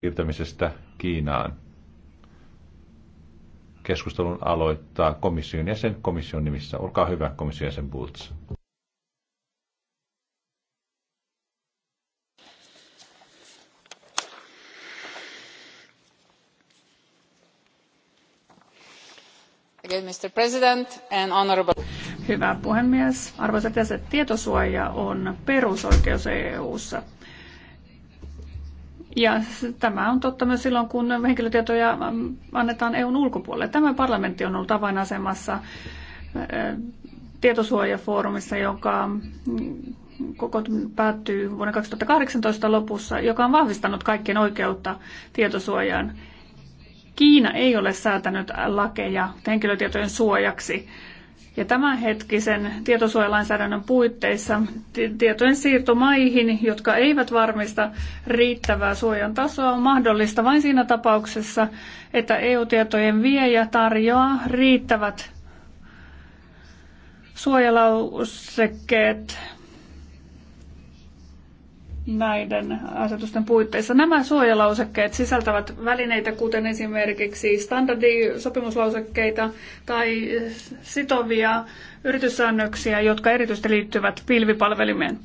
siirtämisestä Kiinaan. Keskustelun aloittaa komission jäsen komission nimissä. Olkaa hyvä, komission jäsen Bultz. Mr. President and honorable... Hyvä puhemies. Arvoisat jäsenet, tietosuoja on perusoikeus EU:ssa. Ja tämä on totta myös silloin, kun henkilötietoja mm, annetaan EUn ulkopuolelle. Tämä parlamentti on ollut avainasemassa äh, tietosuojafoorumissa, joka mm, koko päättyy vuonna 2018 lopussa, joka on vahvistanut kaikkien oikeutta tietosuojaan. Kiina ei ole säätänyt lakeja henkilötietojen suojaksi ja tämänhetkisen tietosuojalainsäädännön puitteissa tietojen siirto maihin, jotka eivät varmista riittävää suojan tasoa, on mahdollista vain siinä tapauksessa, että EU-tietojen viejä tarjoaa riittävät suojalausekkeet näiden asetusten puitteissa. Nämä suojalausekkeet sisältävät välineitä, kuten esimerkiksi standardisopimuslausekkeita tai sitovia yrityssäännöksiä, jotka erityisesti liittyvät pilvipalvelimeen.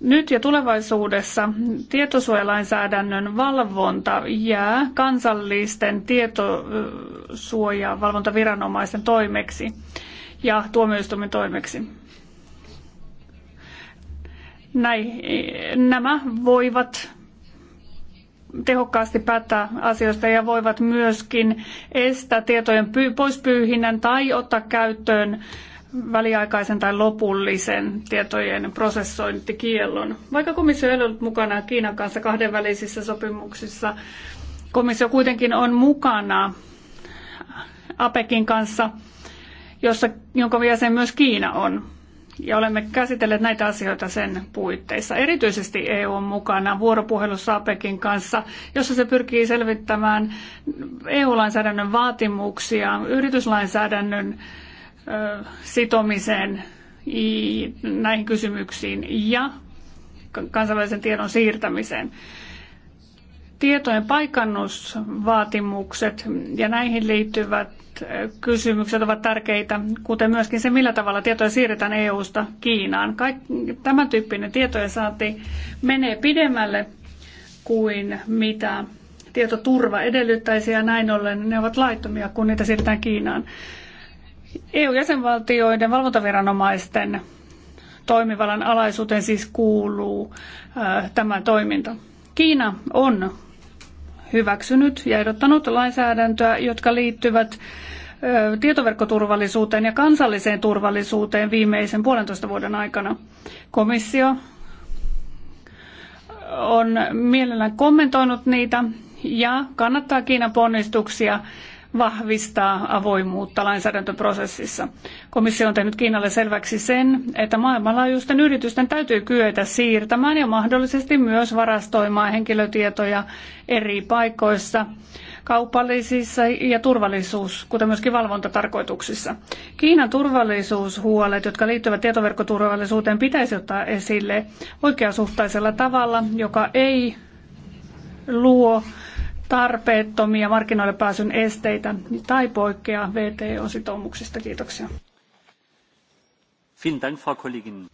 Nyt ja tulevaisuudessa tietosuojalainsäädännön valvonta jää kansallisten tietosuojavalvontaviranomaisten toimeksi ja tuomioistuimen toimeksi. Näin, nämä voivat tehokkaasti päättää asioista ja voivat myöskin estää tietojen py- poispyyhinnän tai ottaa käyttöön väliaikaisen tai lopullisen tietojen prosessointikiellon. Vaikka komissio ei ollut mukana Kiinan kanssa kahdenvälisissä sopimuksissa, komissio kuitenkin on mukana APEKin kanssa, jossa, jonka jäsen myös Kiina on ja olemme käsitelleet näitä asioita sen puitteissa. Erityisesti EU on mukana vuoropuhelussa APEKin kanssa, jossa se pyrkii selvittämään EU-lainsäädännön vaatimuksia yrityslainsäädännön sitomiseen näihin kysymyksiin ja kansainvälisen tiedon siirtämiseen tietojen paikannusvaatimukset ja näihin liittyvät eh, kysymykset ovat tärkeitä, kuten myöskin se, millä tavalla tietoja siirretään EU-sta Kiinaan. Kaikki, tämän tyyppinen tietojen saanti menee pidemmälle kuin mitä tietoturva edellyttäisi ja näin ollen ne ovat laittomia, kun niitä siirretään Kiinaan. EU-jäsenvaltioiden valvontaviranomaisten toimivallan alaisuuteen siis kuuluu eh, tämä toiminta. Kiina on hyväksynyt ja ehdottanut lainsäädäntöä, jotka liittyvät tietoverkkoturvallisuuteen ja kansalliseen turvallisuuteen viimeisen puolentoista vuoden aikana. Komissio on mielellään kommentoinut niitä ja kannattaa Kiinan ponnistuksia vahvistaa avoimuutta lainsäädäntöprosessissa. Komissio on tehnyt Kiinalle selväksi sen, että maailmanlaajuisten yritysten täytyy kyetä siirtämään ja mahdollisesti myös varastoimaan henkilötietoja eri paikoissa kaupallisissa ja turvallisuus, kuten myöskin valvontatarkoituksissa. Kiinan turvallisuushuolet, jotka liittyvät tietoverkkoturvallisuuteen, pitäisi ottaa esille oikeasuhtaisella tavalla, joka ei luo tarpeettomia markkinoille pääsyn esteitä tai poikkeaa VTO-sitoumuksista. Kiitoksia.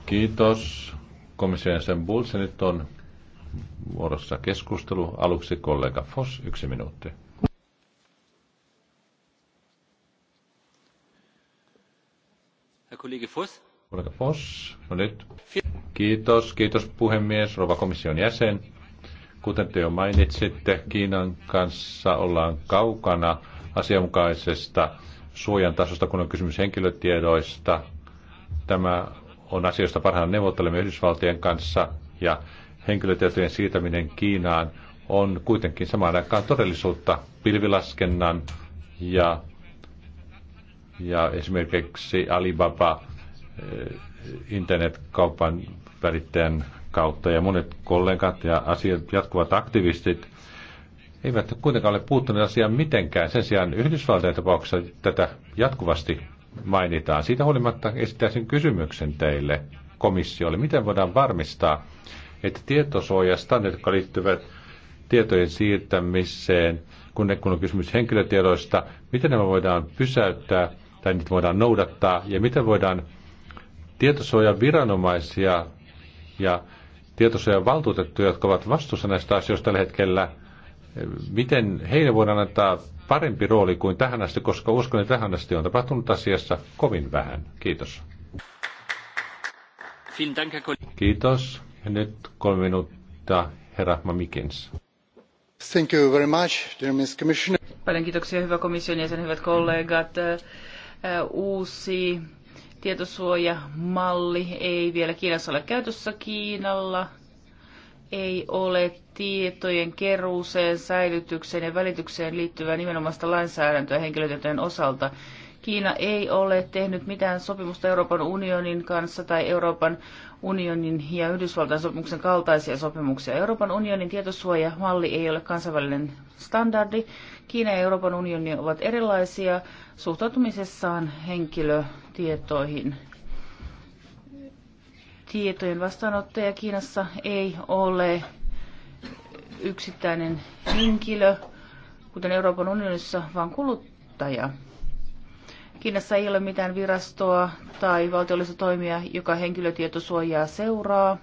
Kiitos komission jäsen Bulls. Nyt on vuorossa keskustelu. Aluksi kollega Foss, yksi minuutti. Kollega Foss. Kollega Foss, no nyt. Kiitos, kiitos puhemies, rouva komission jäsen Kuten te jo mainitsitte, Kiinan kanssa ollaan kaukana asianmukaisesta suojan tasosta, kun on kysymys henkilötiedoista. Tämä on asioista parhaan neuvottelemme Yhdysvaltojen kanssa ja henkilötietojen siirtäminen Kiinaan on kuitenkin samaan aikaan todellisuutta pilvilaskennan ja, ja esimerkiksi Alibaba eh, internetkaupan välittäjän kautta ja monet kollegat ja asiat, jatkuvat aktivistit eivät kuitenkaan ole puuttuneet asiaan mitenkään. Sen sijaan Yhdysvaltain tapauksessa tätä jatkuvasti mainitaan. Siitä huolimatta esittäisin kysymyksen teille komissiolle. Miten voidaan varmistaa, että tietosuojastandardit, jotka liittyvät tietojen siirtämiseen, kun, ne, kun on kysymys henkilötiedoista, miten nämä voidaan pysäyttää tai niitä voidaan noudattaa ja miten voidaan tietosuojan viranomaisia ja Tietoisia valtuutettuja, jotka ovat vastuussa näistä asioista tällä hetkellä, miten heille voidaan antaa parempi rooli kuin tähän asti, koska uskon, että tähän asti on tapahtunut asiassa kovin vähän. Kiitos. Kiitos. Ja nyt kolme minuuttia, herra Mamikins. Thank you very much, dear Ms. Commissioner. Paljon kiitoksia, hyvä komission jäsen, hyvät kollegat. Uusi tietosuojamalli ei vielä Kiinassa ole käytössä Kiinalla ei ole tietojen keruuseen, säilytykseen ja välitykseen liittyvää nimenomaista lainsäädäntöä henkilötietojen osalta. Kiina ei ole tehnyt mitään sopimusta Euroopan unionin kanssa tai Euroopan unionin ja Yhdysvaltain sopimuksen kaltaisia sopimuksia. Euroopan unionin tietosuojamalli ei ole kansainvälinen standardi. Kiina ja Euroopan unioni ovat erilaisia suhtautumisessaan henkilötietoihin tietojen vastaanottaja Kiinassa ei ole yksittäinen henkilö, kuten Euroopan unionissa, vaan kuluttaja. Kiinassa ei ole mitään virastoa tai valtiollista toimia, joka henkilötietosuojaa seuraa.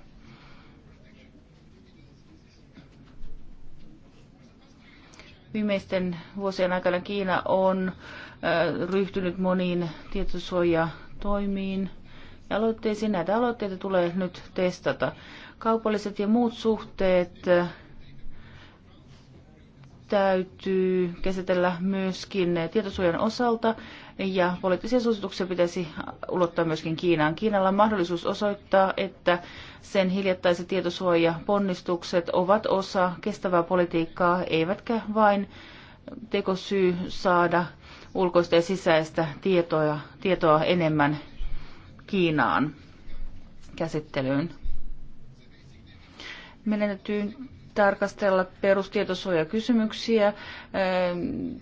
Viimeisten vuosien aikana Kiina on ryhtynyt moniin tietosuojatoimiin aloitteisiin. Näitä aloitteita tulee nyt testata. Kaupalliset ja muut suhteet äh, täytyy käsitellä myöskin tietosuojan osalta ja poliittisia suosituksia pitäisi ulottaa myöskin Kiinaan. Kiinalla on mahdollisuus osoittaa, että sen hiljattaiset tietosuojaponnistukset ovat osa kestävää politiikkaa, eivätkä vain tekosyy saada ulkoista ja sisäistä tietoa, tietoa enemmän Kiinaan käsittelyyn. Meidän täytyy tarkastella perustietosuojakysymyksiä, eh,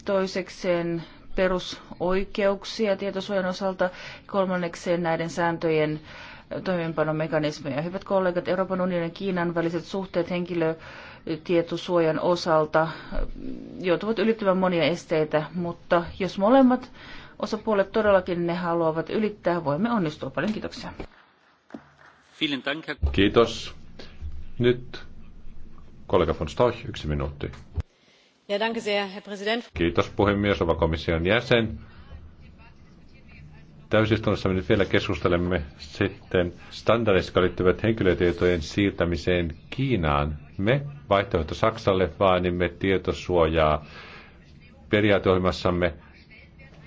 toisekseen perusoikeuksia tietosuojan osalta, kolmannekseen näiden sääntöjen eh, toimeenpanomekanismeja. Hyvät kollegat, Euroopan unionin ja Kiinan väliset suhteet henkilö tietosuojan osalta joutuvat ylittämään monia esteitä, mutta jos molemmat osapuolet todellakin ne haluavat ylittää, voimme onnistua. Paljon kiitoksia. Kiitos. Nyt kollega von Storch, yksi minuutti. Ja, danke sehr, Herr Präsident. Kiitos puhemies, komission jäsen täysistunnossa me nyt vielä keskustelemme sitten standardeista, liittyvät henkilötietojen siirtämiseen Kiinaan. Me vaihtoehto Saksalle vaanimme tietosuojaa periaateohjelmassamme.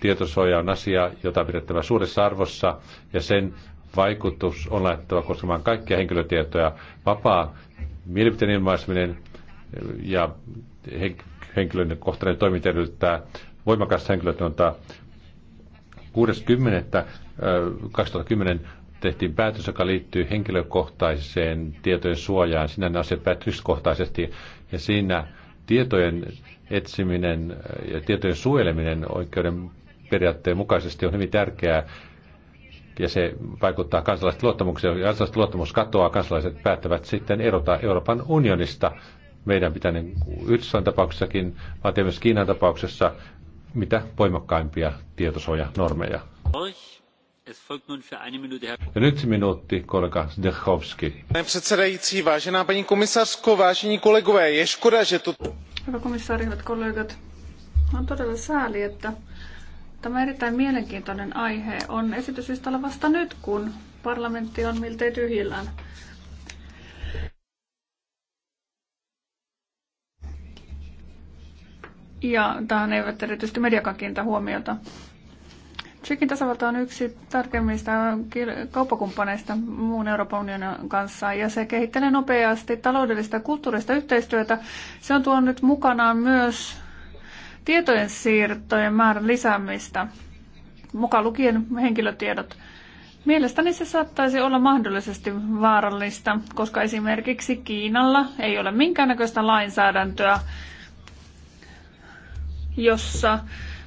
Tietosuoja on asia, jota pidettävä suuressa arvossa ja sen vaikutus on laittava koskemaan kaikkia henkilötietoja. Vapaa mielipiteen ilmaiseminen ja henkilön kohtainen toiminta edellyttää voimakasta henkilötietoa 6.10.2010 tehtiin päätös, joka liittyy henkilökohtaiseen tietojen suojaan. Siinä ne asiat päätöskohtaisesti ja siinä tietojen etsiminen ja tietojen suojeleminen oikeuden periaatteen mukaisesti on hyvin tärkeää ja se vaikuttaa kansalaisten luottamukseen. Jos kansalaisten luottamus katoaa, kansalaiset päättävät sitten erota Euroopan unionista. Meidän pitää niin Yhdysvallan tapauksessakin, vaan myös Kiinan tapauksessa mitä voimakkaimpia tietosuojanormeja. Ja nyt minuutti kollega Zdechovski. Pane předsedající, vážená paní komisařko, vážení kolegové, je škoda, že to... Hyvä komissaari, hyvät kollegat. On todella sääli, että tämä erittäin mielenkiintoinen aihe on esityslistalla vasta nyt, kun parlamentti on miltei tyhjillään. ja tähän eivät erityisesti mediakaan kiinnitä huomiota. Tsekin tasavalta on yksi tärkeimmistä kauppakumppaneista muun Euroopan unionin kanssa ja se kehittelee nopeasti taloudellista ja kulttuurista yhteistyötä. Se on tuonut mukanaan myös tietojen siirtojen määrän lisäämistä, mukaan lukien henkilötiedot. Mielestäni se saattaisi olla mahdollisesti vaarallista, koska esimerkiksi Kiinalla ei ole minkäännäköistä lainsäädäntöä jossa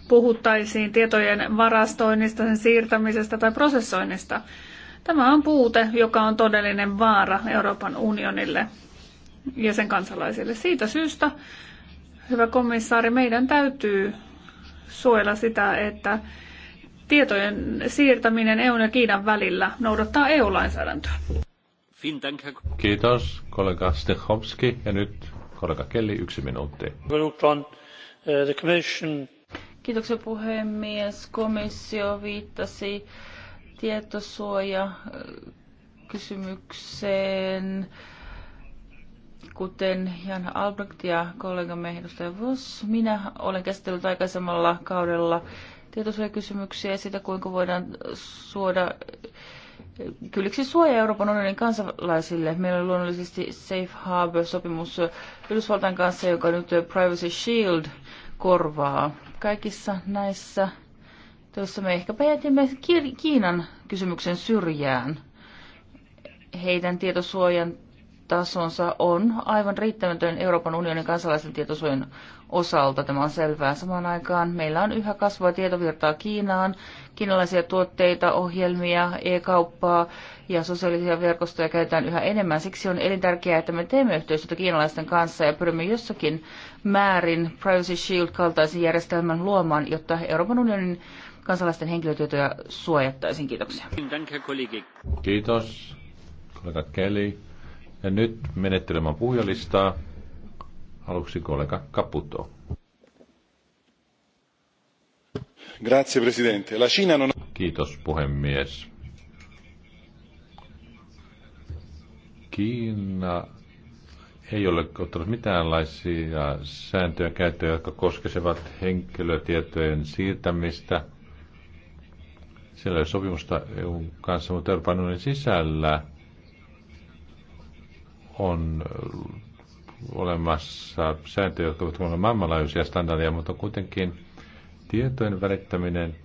puhuttaisiin tietojen varastoinnista, sen siirtämisestä tai prosessoinnista. Tämä on puute, joka on todellinen vaara Euroopan unionille ja sen kansalaisille. Siitä syystä, hyvä komissaari, meidän täytyy suojella sitä, että tietojen siirtäminen EUn ja Kiinan välillä noudattaa EU-lainsäädäntöä. Kiitos kollega Stechowski ja nyt kollega Kelli yksi minuutti. Uh, the commission... Kiitoksia puhemies. Komissio viittasi tietosuojakysymykseen, uh, kuten Jan Albrecht ja kollegamme edustaja Voss. Minä olen käsitellyt aikaisemmalla kaudella tietosuojakysymyksiä ja sitä, kuinka voidaan suoda kylliksi suojaa Euroopan unionin kansalaisille. Meillä on luonnollisesti Safe Harbor-sopimus Yhdysvaltain kanssa, joka nyt Privacy Shield korvaa. Kaikissa näissä töissä me ehkä jätimme Kiinan kysymyksen syrjään. Heidän tietosuojan tasonsa on aivan riittämätön Euroopan unionin kansalaisten tietosuojan osalta. Tämä on selvää. Samaan aikaan meillä on yhä kasvava tietovirtaa Kiinaan, kiinalaisia tuotteita, ohjelmia, e-kauppaa ja sosiaalisia verkostoja käytetään yhä enemmän. Siksi on elintärkeää, että me teemme yhteistyötä kiinalaisten kanssa ja pyrimme jossakin määrin Privacy Shield kaltaisen järjestelmän luomaan, jotta Euroopan unionin kansalaisten henkilötietoja suojattaisiin. Kiitoksia. Kiitos, kollega Kelly. Ja nyt menettelemään puhujalistaa. Aluksi kollega Caputo. Grazie, presidente. La Cina non... Kiitos, puhemies. Kiina ei ole ottanut mitäänlaisia sääntöjä käyttöön, jotka koskevat henkilötietojen siirtämistä. Siellä ei sopimusta EUn kanssa, mutta Euroopan unionin sisällä on äh, olemassa sääntöjä, jotka ovat olla maailmanlaajuisia standardeja, mutta kuitenkin tietojen välittäminen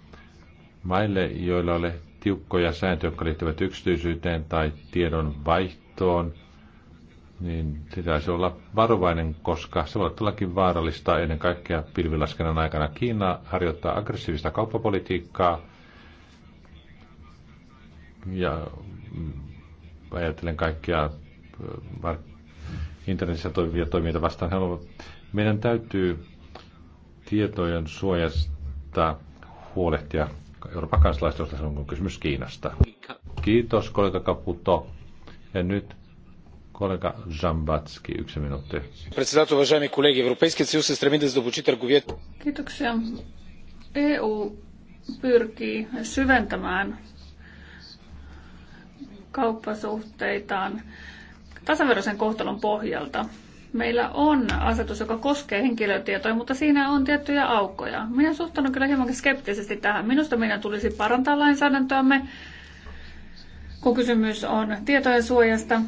maille, joilla ole tiukkoja sääntöjä, jotka liittyvät yksityisyyteen tai tiedon vaihtoon, niin pitäisi olla varovainen, koska se voi todellakin vaarallista ennen kaikkea pilvilaskennan aikana. Kiina harjoittaa aggressiivista kauppapolitiikkaa ja mm, ajattelen kaikkia internetissä toimivia toimijoita vastaan. Haluamme. Meidän täytyy tietojen suojasta huolehtia Euroopan kansalaisten osalta, on kysymys Kiinasta. Kiitos kollega Kaputo. Ja nyt kollega Zambatski, yksi minuutti. Kiitoksia. EU pyrkii syventämään kauppasuhteitaan tasaveroisen kohtelun pohjalta. Meillä on asetus, joka koskee henkilötietoja, mutta siinä on tiettyjä aukkoja. Minä suhtaudun kyllä hieman skeptisesti tähän. Minusta meidän tulisi parantaa lainsäädäntöämme, kun kysymys on tietojen suojasta.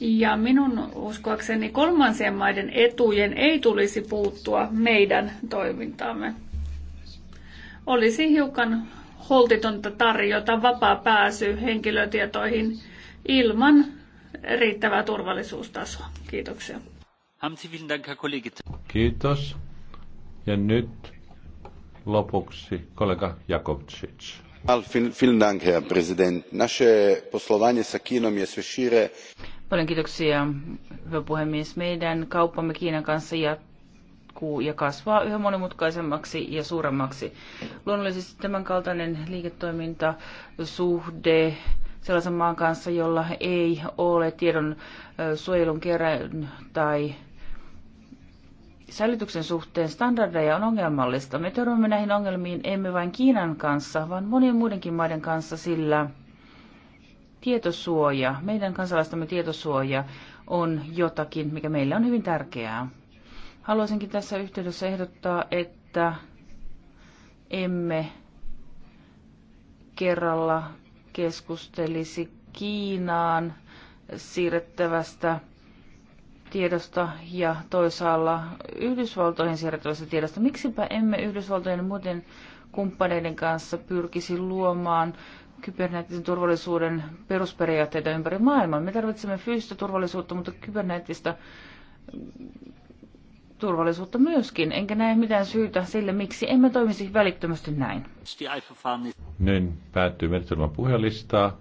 Ja minun uskoakseni kolmansien maiden etujen ei tulisi puuttua meidän toimintaamme. Olisi hiukan holtitonta tarjota vapaa pääsy henkilötietoihin ilman riittävää turvallisuustasoa. Kiitoksia. Kiitos. Ja nyt lopuksi kollega Jakovčić. Paljon kiitoksia, hyvä puhemies. Meidän kauppamme Kiinan kanssa jatkuu ja kasvaa yhä monimutkaisemmaksi ja suuremmaksi. Luonnollisesti tämänkaltainen liiketoiminta, suhde, sellaisen maan kanssa, jolla ei ole tiedon suojelun kerran tai säilytyksen suhteen standardeja on ongelmallista. Me törmämme näihin ongelmiin emme vain Kiinan kanssa, vaan monien muidenkin maiden kanssa, sillä tietosuoja, meidän kansalaistamme tietosuoja on jotakin, mikä meille on hyvin tärkeää. Haluaisinkin tässä yhteydessä ehdottaa, että emme kerralla keskustelisi Kiinaan siirrettävästä tiedosta ja toisaalla Yhdysvaltoihin siirrettävästä tiedosta. Miksipä emme Yhdysvaltojen ja muiden kumppaneiden kanssa pyrkisi luomaan kyberneettisen turvallisuuden perusperiaatteita ympäri maailmaa. Me tarvitsemme fyysistä turvallisuutta, mutta kyberneettistä turvallisuutta myöskin, enkä näe mitään syytä sille, miksi emme toimisi välittömästi näin. Nyt niin, päättyy menetelmän puhelistaa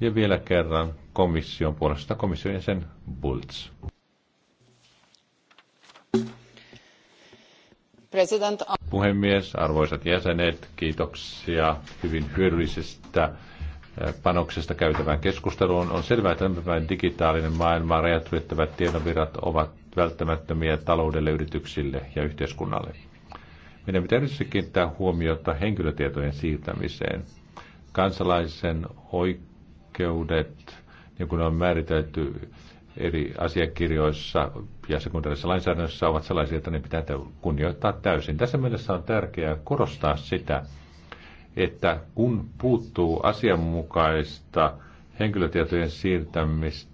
ja vielä kerran komission puolesta komission jäsen Bultz. President... Puhemies, arvoisat jäsenet, kiitoksia hyvin hyödyllisestä eh, panoksesta käytävään keskusteluun. On selvää, että tämän digitaalinen maailma rajat ylittävät tiedonvirrat ovat välttämättömiä taloudelle, yrityksille ja yhteiskunnalle. Meidän pitää erityisesti kiinnittää huomiota henkilötietojen siirtämiseen. Kansalaisen oikeudet, niin kuin ne on määritelty eri asiakirjoissa ja sekundarisessa lainsäädännössä, ovat sellaisia, että ne pitää kunnioittaa täysin. Tässä mielessä on tärkeää korostaa sitä, että kun puuttuu asianmukaista henkilötietojen siirtämistä,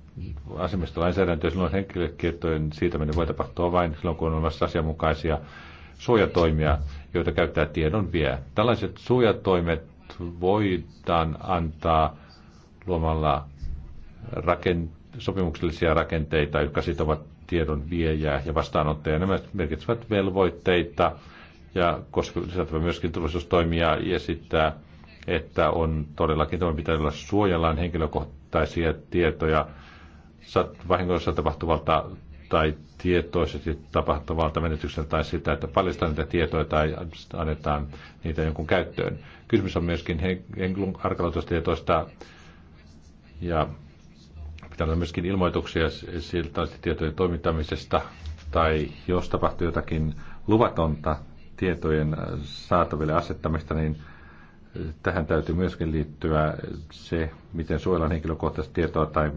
asemmistolainsäädäntöä silloin henkilötietojen niin siirtäminen voi tapahtua vain silloin, kun on olemassa asianmukaisia suojatoimia, joita käyttää tiedon vie. Tällaiset suojatoimet voidaan antaa luomalla rakent- sopimuksellisia rakenteita, jotka sitovat tiedon viejää ja vastaanottajaa. Nämä merkitsevät velvoitteita ja koska sisältävät myöskin turvallisuustoimia ja sitten, että on todellakin toimenpiteillä suojellaan henkilökohtaisia tietoja – vahingossa tapahtuvalta tai tietoisesti tapahtuvalta menetykseltä tai sitä, että paljastetaan niitä tietoja tai annetaan niitä jonkun käyttöön. Kysymys on myöskin arkaluontoista ja pitää olla myöskin ilmoituksia siltä tietojen toimittamisesta tai jos tapahtuu jotakin luvatonta tietojen äh, saataville asettamista, niin äh, tähän täytyy myöskin liittyä se, miten suojellaan henkilökohtaista tietoa tai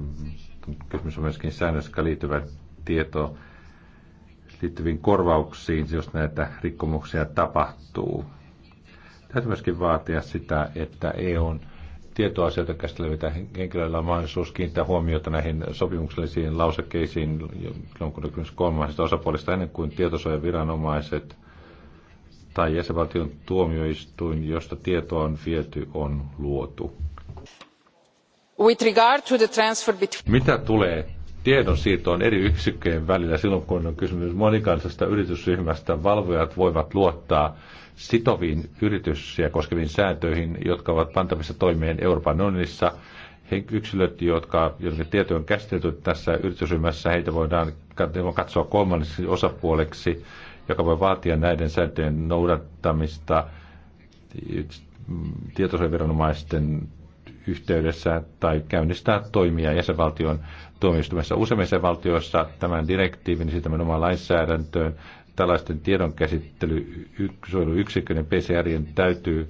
kysymys on myöskin säännöstä, liittyvä tieto liittyviin korvauksiin, jos näitä rikkomuksia tapahtuu. Täytyy myöskin vaatia sitä, että EUn tietoasioita käsittelevillä henkilöillä on mahdollisuus kiinnittää huomiota näihin sopimuksellisiin lausekkeisiin, jonkun kolmansista osapuolista ennen kuin tietosuojaviranomaiset tai jäsenvaltion tuomioistuin, josta tietoa on viety, on luotu. Mitä tulee tiedonsiirtoon eri yksikköjen välillä silloin, kun on kysymys monikansallisesta yritysryhmästä, valvojat voivat luottaa sitoviin yrityksiä koskeviin sääntöihin, jotka ovat pantavissa toimeen Euroopan unionissa. Yksilöt, jotka, joiden tieto on käsitelty tässä yritysryhmässä, heitä voidaan katsoa kolmanneksi osapuoleksi, joka voi vaatia näiden sääntöjen noudattamista mm, tietosuojaviranomaisten yhteydessä tai käynnistää toimia jäsenvaltion tuomioistuimessa. Useimmissa valtioissa tämän direktiivin ja sitten siis omaan lainsäädäntöön tällaisten tiedonkäsittelyyksikköjen PCRien täytyy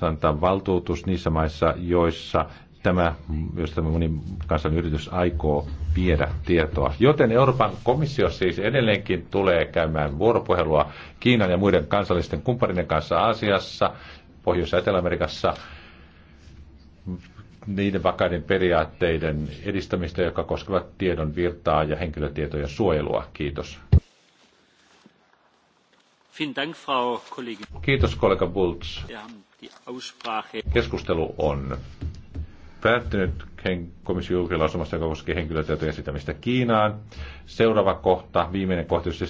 antaa valtuutus niissä maissa, joissa tämä, jos tämä monikansallinen yritys aikoo viedä tietoa. Joten Euroopan komissio siis edelleenkin tulee käymään vuoropuhelua Kiinan ja muiden kansallisten kumppaneiden kanssa Aasiassa, Pohjois- ja Etelä-Amerikassa, niiden vakaiden periaatteiden edistämistä, joka koskevat tiedon virtaa ja henkilötietojen suojelua. Kiitos. Kiitos kollega Bultz. Keskustelu on päättynyt komission julkilausumassa, joka koskee henkilötietojen esittämistä Kiinaan. Seuraava kohta, viimeinen kohta,